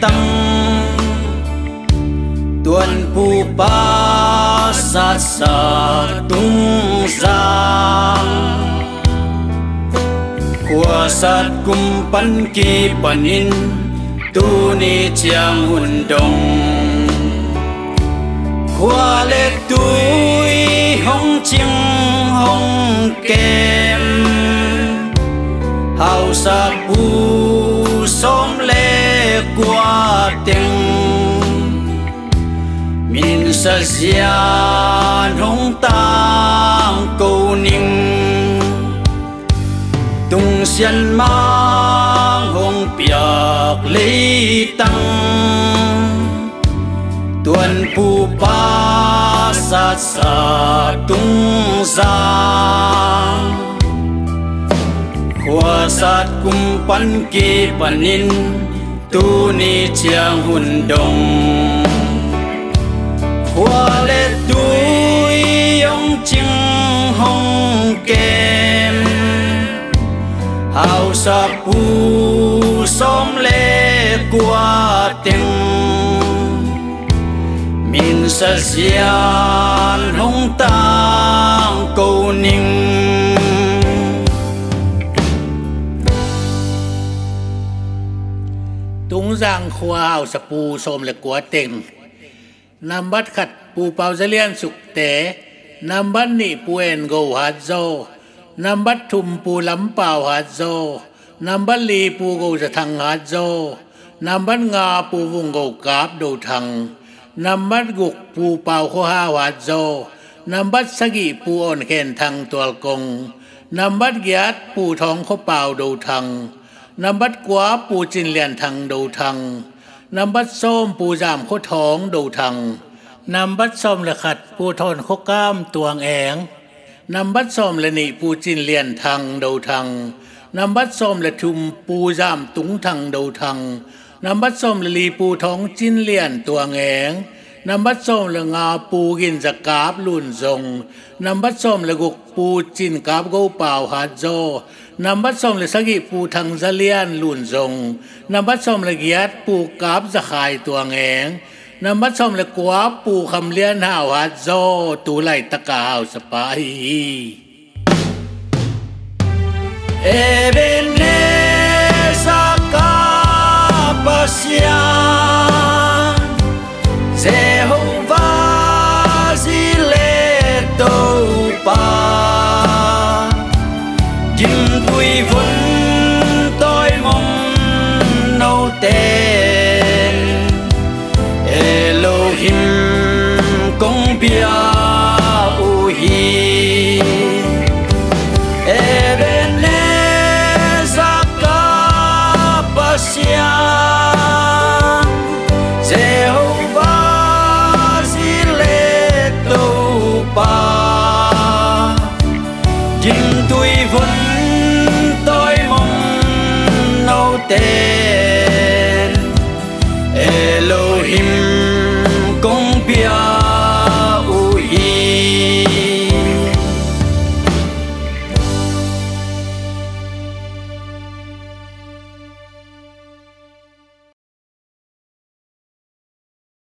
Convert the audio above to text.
tâm tuần phù pa sa sa tung giang khua sát cung pan kỳ pan in tu ni chiang hun đông khua lệ tuổi hong chiêng hong kê sa zian hong tang cô ninh tung xian mang hong biak lấy tăng tuần phù ba sa sa tung giang hoa sát cung pan kê panin tu ni chiang hun đông hoa lệ túi ông chinh hồng kèm hào sập u xóm lệ qua tình mình sẽ xian hồng tang cầu ninh tung giang khoa hào sập u xóm lê qua tình นำบัตรขัดปูเปาเจเลียนสุกเตนำบัตดนี่ปูเอ็นโกหัดโซนำบัตรทุ่มปูลำเปาหัดโซนำบัตรลีปูโกจะทางหัดโซนำบัตรงาปูวุงโกกาบดูทางนำบัตรกุกปูเปาโคฮาหัดโซนำบัตรสกีปูอ่อนเคนทางตัวกงนำบัตดยัดปูทองโคเปาดูทางนำบัตรกวาปูจินเลียนทางดูทางนำบัดส้มปูจามโคท้องดูทังนำบัดส้มละขัดปูทนโคก้ามตวงแองนำบัดส้มละนิปูจินเลียนทังดูทังนำบัดส้มละทุมปูจามตุงทังดูทังนำบัดส้มละลีปูท้องจินเลียนตัวแองนำบัดส้มละงาปูกินสกาบลุ่นทรงนำบัดส้มละกุกปูจินกาบกูเปล่าหาดโจนำบัดส้มละสกิปูทางซะเลียนลุ่นทรงนำบัดส้มละเกียดปูกาบสะขายตัวแงงนำบัดส้มละกวาปูคำเลียนหาวหาดโจตูไลตะกาาวสปายเอเบนเนสกาปัสยา pa tim vui vun tôi mong nâu tên chính tôi vẫn tôi mong nâu tên Hello